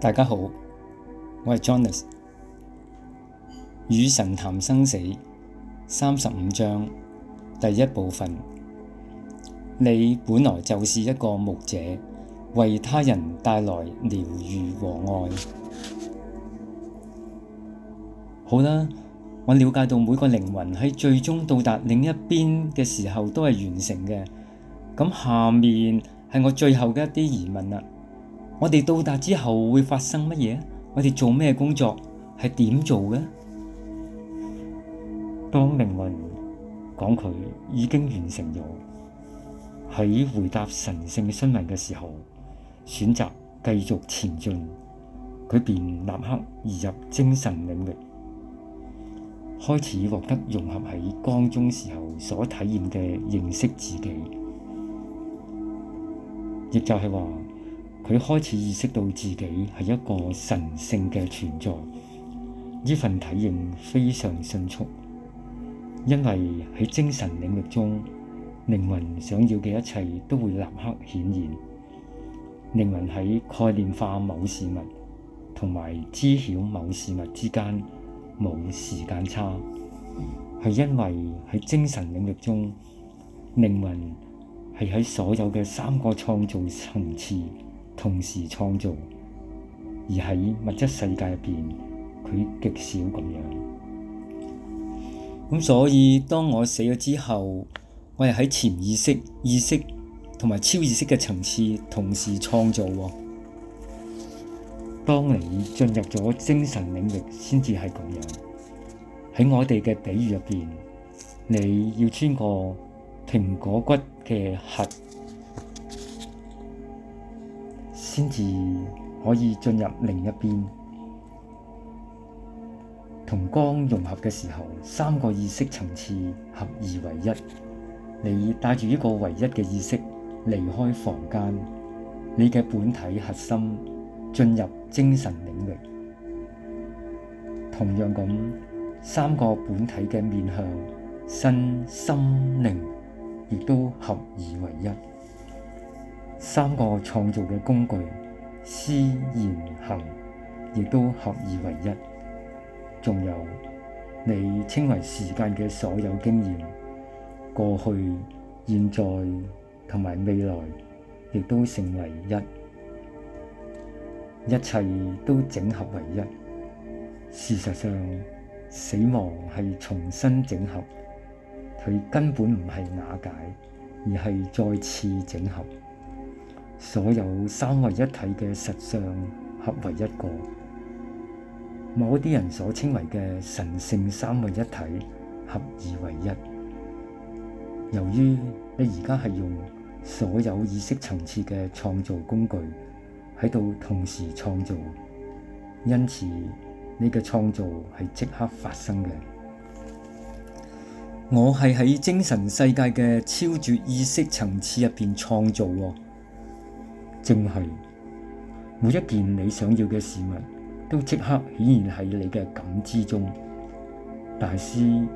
大家好，我係 Jonas。與神談生死，三十五章第一部分。你本來就是一個牧者，為他人帶來療癒和愛。好啦。我了解到每個靈魂喺最終到達另一邊嘅時候都係完成嘅。咁下面係我最後嘅一啲疑問啦。我哋到達之後會發生乜嘢？我哋做咩工作？係點做嘅？當靈魂講佢已經完成咗喺回答神性嘅詢問嘅時候，選擇繼續前進，佢便立刻移入精神領域。開始獲得融合喺光中時候所體驗嘅認識自己，亦就係話佢開始意識到自己係一個神性嘅存在。呢份體驗非常迅速，因為喺精神領域中，靈魂想要嘅一切都會立刻顯現。靈魂喺概念化某事物同埋知曉某事物之間。冇時間差，係因為喺精神領域中，靈魂係喺所有嘅三個創造層次同時創造，而喺物質世界入面，佢極少咁樣。咁所以，當我死咗之後，我係喺潛意識、意識同埋超意識嘅層次同時創造喎。當你進入咗精神領域，先至係咁樣。喺我哋嘅比喻入邊，你要穿過蘋果骨嘅核，先至可以進入另一邊。同光融合嘅時候，三個意識層次合二為一。你帶住一個唯一嘅意識離開房間，你嘅本體核心進入。精神領域，同樣咁，三個本體嘅面向身心靈亦都合而為一，三個創造嘅工具思言行亦都合而為一，仲有你稱為時間嘅所有經驗，過去、現在同埋未來亦都成為一。一切都整合為一。事實上，死亡係重新整合，佢根本唔係瓦解，而係再次整合所有三位一體嘅實相合為一個。某啲人所稱為嘅神聖三位一體合二為一。由於你而家係用所有意識層次嘅創造工具。喺度同時創造，因此你嘅、這個、創造係即刻發生嘅。我係喺精神世界嘅超絕意識層次入邊創造，正係每一件你想要嘅事物都即刻顯現喺你嘅感知中。大師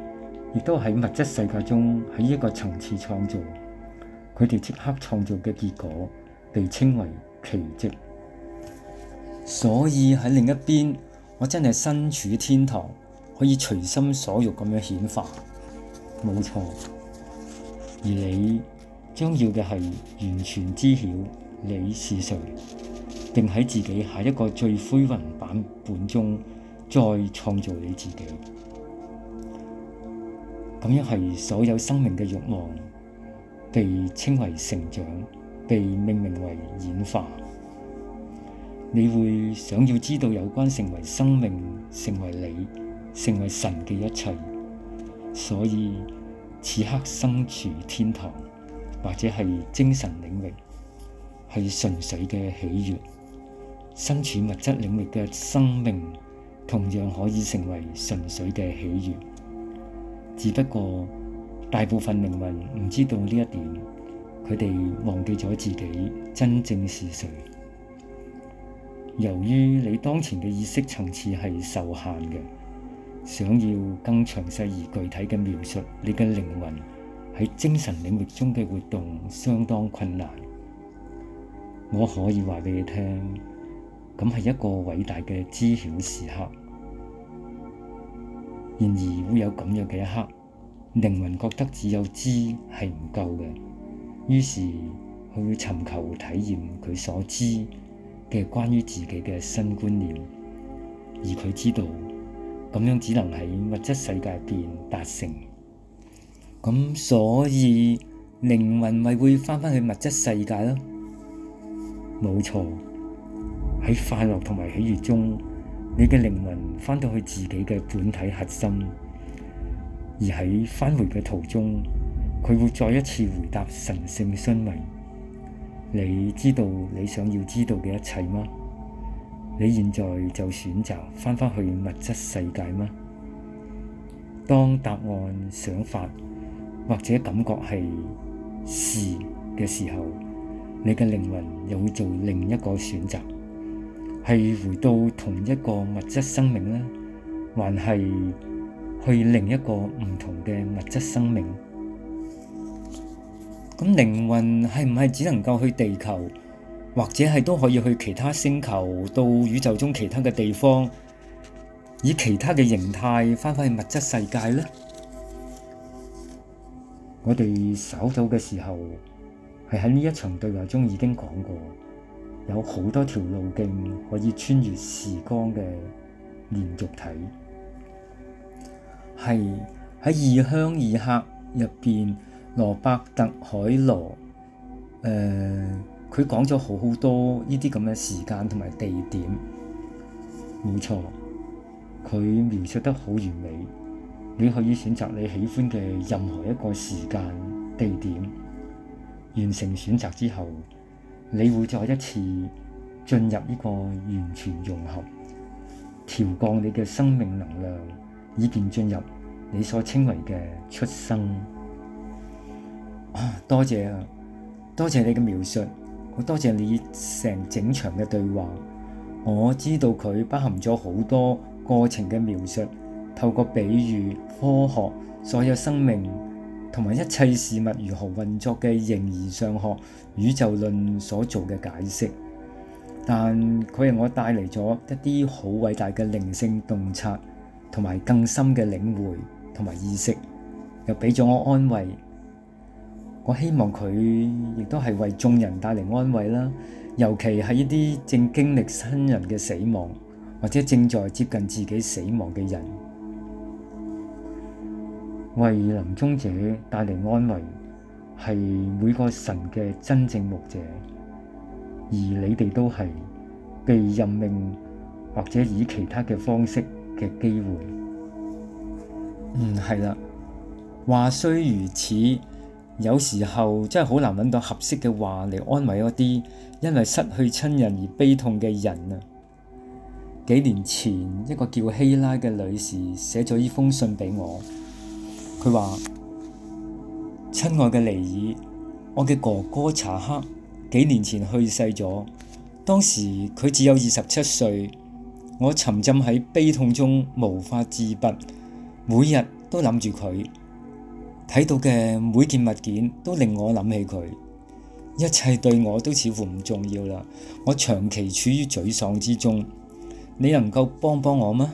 亦都喺物質世界中喺一個層次創造，佢哋即刻創造嘅結果被稱為奇蹟。所以喺另一邊，我真係身處天堂，可以隨心所欲咁樣顯化，冇錯。而你將要嘅係完全知曉你是誰，並喺自己下一個最灰云版本中再創造你自己。咁樣係所有生命嘅欲望，被稱為成長，被命名為演化。你會想要知道有關成為生命、成為你、成為神嘅一切，所以此刻身處天堂或者係精神領域，係純粹嘅喜悦；身處物質領域嘅生命，同樣可以成為純粹嘅喜悦。只不過大部分靈魂唔知道呢一點，佢哋忘記咗自己真正是誰。由於你當前嘅意識層次係受限嘅，想要更詳細而具體嘅描述你嘅靈魂喺精神領域中嘅活動，相當困難。我可以話畀你聽，咁係一個偉大嘅知曉時刻。然而會有咁樣嘅一刻，靈魂覺得只有知係唔夠嘅，於是去尋求體驗佢所知。嘅關於自己嘅新觀念，而佢知道咁樣只能喺物質世界入邊達成，咁所以靈魂咪會翻返去物質世界咯，冇錯。喺快樂同埋喜悅中，你嘅靈魂翻到去自己嘅本體核心，而喺翻回嘅途中，佢會再一次回答神聖嘅詢問。你知道你想要知道嘅一切嗎？你現在就選擇翻返去物質世界嗎？當答案、想法或者感覺係是嘅時候，你嘅靈魂又會做另一個選擇，係回到同一個物質生命咧，還係去另一個唔同嘅物質生命？咁靈魂係唔係只能夠去地球，或者係都可以去其他星球，到宇宙中其他嘅地方，以其他嘅形態返返去物質世界呢？我哋稍早嘅時候係喺呢一場對話中已經講過，有好多條路徑可以穿越時光嘅連續體，係喺異鄉異客入邊。羅伯特海羅，誒、呃，佢講咗好好多呢啲咁嘅時間同埋地點。冇錯，佢描述得好完美。你可以選擇你喜歡嘅任何一個時間、地點，完成選擇之後，你會再一次進入呢個完全融合，調降你嘅生命能量，以便進入你所稱為嘅出生。多謝啊，多謝你嘅描述，我多謝你成整，整場嘅對話。我知道佢包含咗好多過程嘅描述，透過比喻、科學、所有生命同埋一切事物如何運作嘅形而上學宇宙論所做嘅解釋。但佢係我帶嚟咗一啲好偉大嘅靈性洞察，同埋更深嘅領會同埋意識，又俾咗我安慰。我希望佢亦都係為眾人帶嚟安慰啦，尤其係一啲正經歷親人嘅死亡，或者正在接近自己死亡嘅人，為臨終者帶嚟安慰，係每個神嘅真正牧者，而你哋都係被任命或者以其他嘅方式嘅機會。嗯，係啦。話雖如此。有時候真係好難揾到合適嘅話嚟安慰一啲因為失去親人而悲痛嘅人啊！幾年前，一個叫希拉嘅女士寫咗呢封信畀我，佢話：親愛嘅尼爾，我嘅哥哥查克幾年前去世咗，當時佢只有二十七歲，我沉浸喺悲痛中無法自拔，每日都諗住佢。睇到嘅每件物件都令我諗起佢，一切對我都似乎唔重要啦。我長期處於沮喪之中，你能夠幫幫我嗎？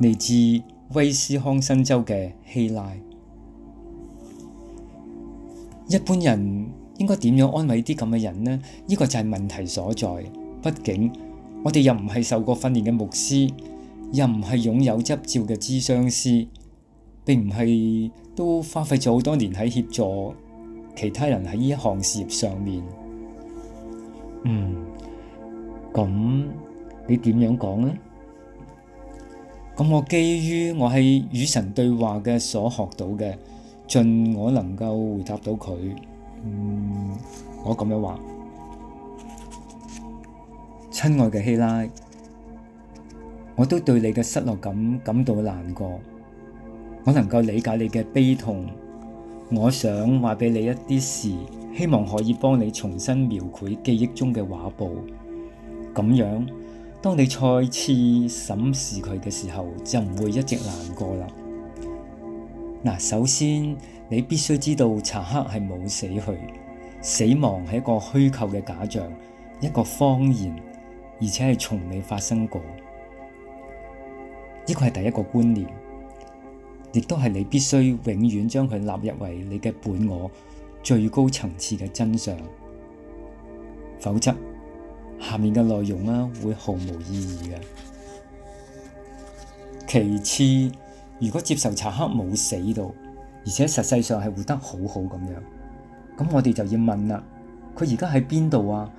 嚟自威斯康辛州嘅希拉，一般人應該點樣安慰啲咁嘅人呢？呢個就係問題所在。畢竟我哋又唔係受過訓練嘅牧師，又唔係擁有執照嘅諮商師。並唔係都花費咗好多年喺協助其他人喺呢一項事業上面。嗯，咁你點樣講呢？咁我基於我喺與神對話嘅所學到嘅，盡我能夠回答到佢。嗯，我咁樣話，親愛嘅希拉，我都對你嘅失落感感到難過。我能夠理解你嘅悲痛，我想話畀你一啲事，希望可以幫你重新描繪記憶中嘅畫布。咁樣，當你再次審視佢嘅時候，就唔會一直難過啦。嗱，首先你必須知道查克係冇死去，死亡係一個虛構嘅假象，一個謊言，而且係從未發生過。呢個係第一個觀念。亦都係你必須永遠將佢納入為你嘅本我最高層次嘅真相，否則下面嘅內容啦會毫無意義嘅。其次，如果接受查克冇死到，而且實際上係活得好好咁樣，咁我哋就要問啦：佢而家喺邊度啊？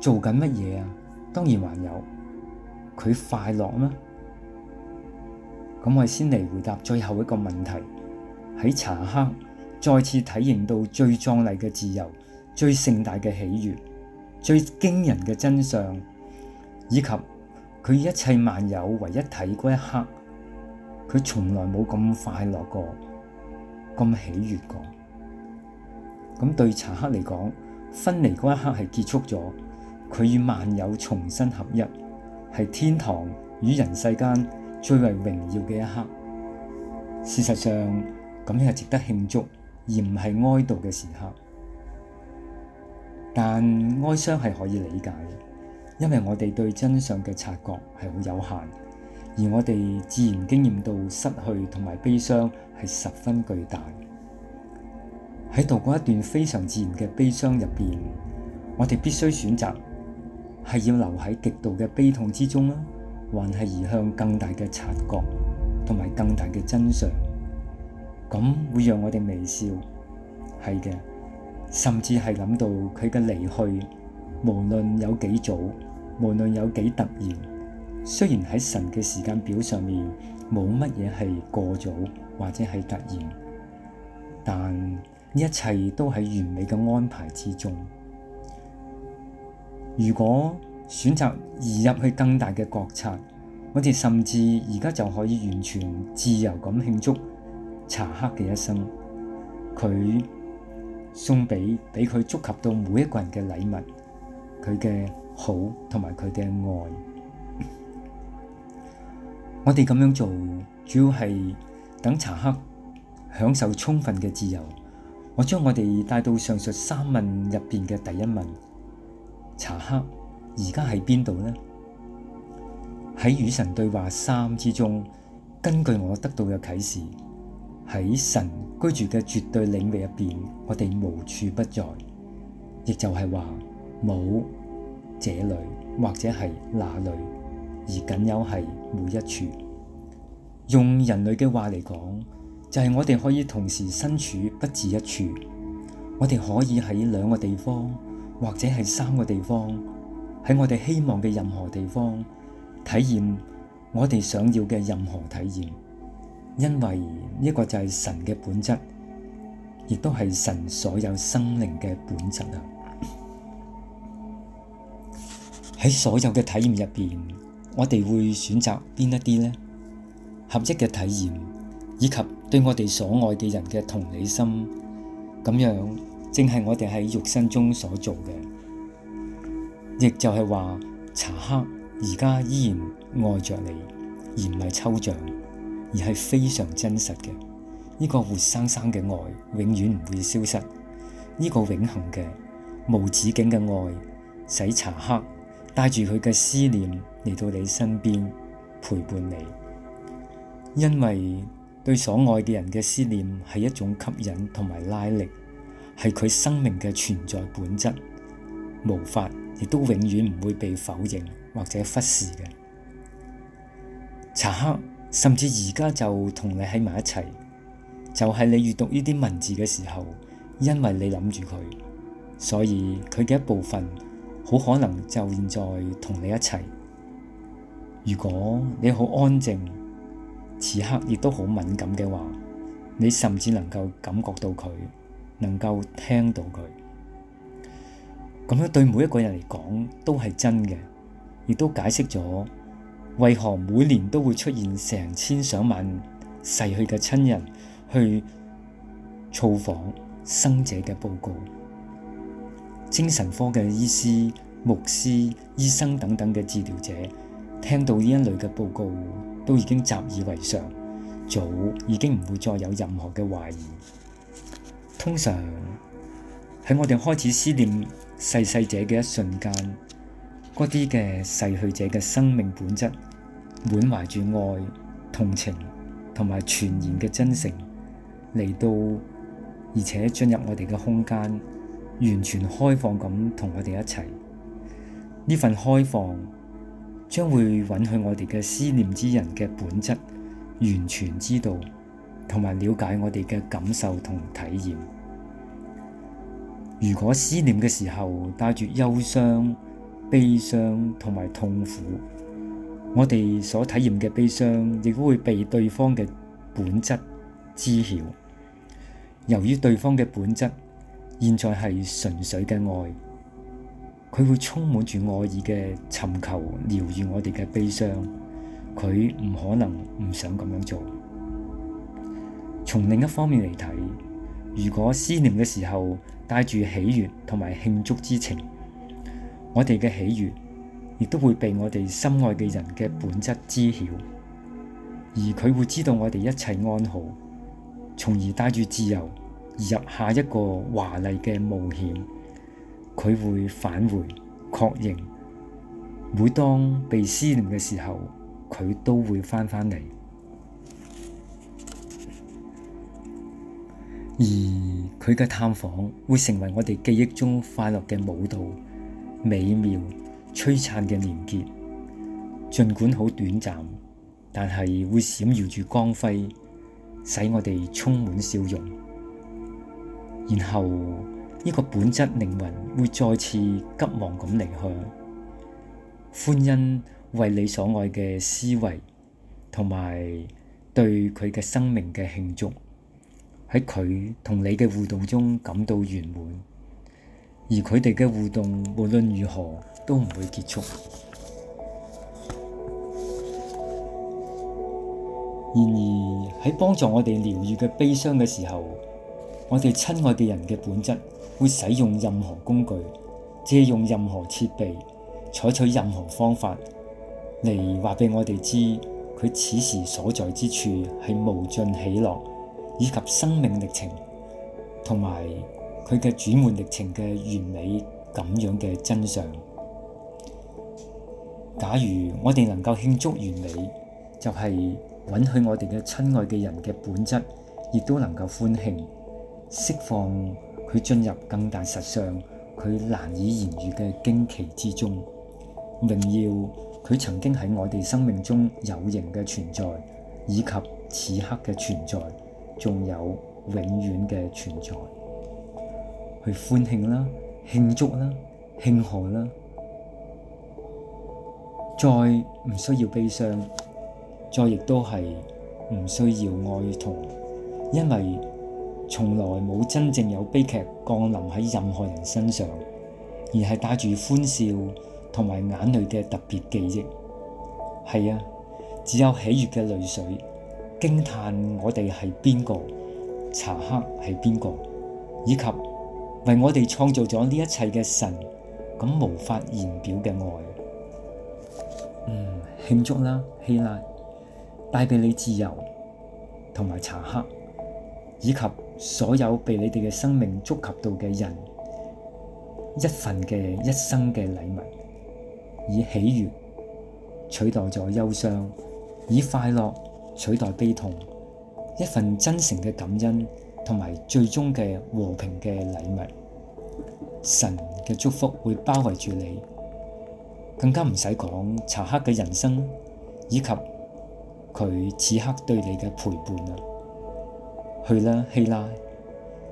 做緊乜嘢啊？當然還有，佢快樂咩？咁我先嚟回答最後一個問題：喺查克再次體認到最壯麗嘅自由、最盛大嘅喜悦、最驚人嘅真相，以及佢與一切萬有為一體嗰一刻，佢從來冇咁快樂過、咁喜悦過。咁對查克嚟講，分離嗰一刻係結束咗，佢與萬有重新合一，係天堂與人世間，最為榮耀嘅一刻，事實上，咁樣係值得慶祝，而唔係哀悼嘅時刻。但哀傷係可以理解，因為我哋對真相嘅察覺係好有限，而我哋自然經驗到失去同埋悲傷係十分巨大。喺度過一段非常自然嘅悲傷入邊，我哋必須選擇係要留喺極度嘅悲痛之中啦。還係移向更大嘅察覺，同埋更大嘅真相，咁會讓我哋微笑。係嘅，甚至係諗到佢嘅離去，無論有幾早，無論有幾突然。雖然喺神嘅時間表上面，冇乜嘢係過早或者係突然，但呢一切都喺完美嘅安排之中。如果選擇移入去更大嘅國策，我哋甚至而家就可以完全自由咁慶祝查克嘅一生。佢送俾俾佢觸及到每一個人嘅禮物，佢嘅好同埋佢嘅愛。我哋咁樣做，主要係等查克享受充分嘅自由。我將我哋帶到上述三問入邊嘅第一問：查克而家喺邊度呢？喺與神對話三之中，根據我得到嘅啟示，喺神居住嘅絕對領域入邊，我哋無處不在，亦就係話冇這裡或者係那裡，而僅有係每一處。用人類嘅話嚟講，就係、是、我哋可以同時身處不止一處，我哋可以喺兩個地方或者係三個地方。喺我哋希望嘅任何地方，體驗我哋想要嘅任何體驗，因為呢個就係神嘅本質，亦都係神所有生靈嘅本質啊！喺所有嘅體驗入邊，我哋會選擇邊一啲呢？合一嘅體驗，以及對我哋所愛嘅人嘅同理心，咁樣正係我哋喺肉身中所做嘅。亦就係話，查克而家依然愛着你，而唔係抽象，而係非常真實嘅呢個活生生嘅愛，永遠唔會消失呢個永恒嘅無止境嘅愛，使查克帶住佢嘅思念嚟到你身邊陪伴你，因為對所愛嘅人嘅思念係一種吸引同埋拉力，係佢生命嘅存在本質，無法。亦都永遠唔會被否認或者忽視嘅。查克甚至而家就同你喺埋一齊，就係你閲讀呢啲文字嘅時候，因為你諗住佢，所以佢嘅一部分好可能就現在同你一齊。如果你好安靜，此刻亦都好敏感嘅話，你甚至能夠感覺到佢，能夠聽到佢。咁樣對每一個人嚟講都係真嘅，亦都解釋咗為何每年都會出現成千上萬逝去嘅親人去造訪生者嘅報告。精神科嘅醫師、牧師、醫生等等嘅治療者，聽到呢一類嘅報告，都已經習以為常，早已經唔會再有任何嘅懷疑。通常喺我哋開始思念逝世者嘅一瞬間，嗰啲嘅逝去者嘅生命本質，滿懷住愛、同情同埋全然嘅真誠嚟到，而且進入我哋嘅空間，完全開放咁同我哋一齊。呢份開放將會允許我哋嘅思念之人嘅本質完全知道同埋了解我哋嘅感受同體驗。如果思念嘅時候帶住憂傷、悲傷同埋痛苦，我哋所體驗嘅悲傷亦都會被對方嘅本質知曉。由於對方嘅本質現在係純粹嘅愛，佢會充滿住愛意嘅尋求，療癒我哋嘅悲傷，佢唔可能唔想咁樣做。從另一方面嚟睇。如果思念嘅時候帶住喜悦同埋慶祝之情，我哋嘅喜悦亦都會被我哋心愛嘅人嘅本質知曉，而佢會知道我哋一切安好，從而帶住自由而入下一個華麗嘅冒險。佢會返回確認，每當被思念嘅時候，佢都會翻返嚟。而佢嘅探訪會成為我哋記憶中快樂嘅舞蹈，美妙璀璨嘅連結。儘管好短暫，但係會閃耀住光輝，使我哋充滿笑容。然後呢個本質靈魂會再次急忙咁離開，歡欣為你所愛嘅思維，同埋對佢嘅生命嘅慶祝。喺佢同你嘅互動中感到圓滿，而佢哋嘅互動無論如何都唔會結束。然而，喺幫助我哋療愈嘅悲傷嘅時候，我哋親愛嘅人嘅本質會使用任何工具、借用任何設備、採取任何方法嚟話畀我哋知，佢此時所在之處係無盡喜樂。以及生命歷程同埋佢嘅轉換歷程嘅完美咁樣嘅真相。假如我哋能夠慶祝完美，就係允許我哋嘅親愛嘅人嘅本質亦都能夠歡慶，釋放佢進入更大實相，佢難以言喻嘅驚奇之中，榮耀佢曾經喺我哋生命中有形嘅存在，以及此刻嘅存在。仲有永遠嘅存在，去歡慶啦、慶祝啦、慶賀啦，再唔需要悲傷，再亦都係唔需要哀痛，因為從來冇真正有悲劇降臨喺任何人身上，而係帶住歡笑同埋眼淚嘅特別記憶。係啊，只有喜悅嘅淚水。驚嘆我哋係邊個，查克係邊個，以及為我哋創造咗呢一切嘅神咁無法言表嘅愛。嗯，慶祝啦，希拉，帶畀你自由同埋查克，以及所有被你哋嘅生命觸及到嘅人一份嘅一生嘅禮物，以喜悦取代咗憂傷，以快樂。取代悲痛，一份真誠嘅感恩，同埋最終嘅和平嘅禮物，神嘅祝福會包圍住你，更加唔使講查克嘅人生，以及佢此刻對你嘅陪伴啊！去啦，希拉，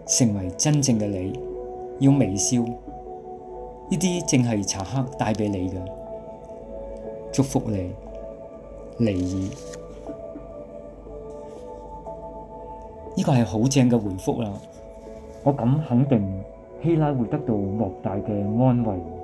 成為真正嘅你，要微笑，呢啲正係查克帶俾你嘅祝福你，離爾。呢個係好正嘅回覆啦，我敢肯定希拉會得到莫大嘅安慰。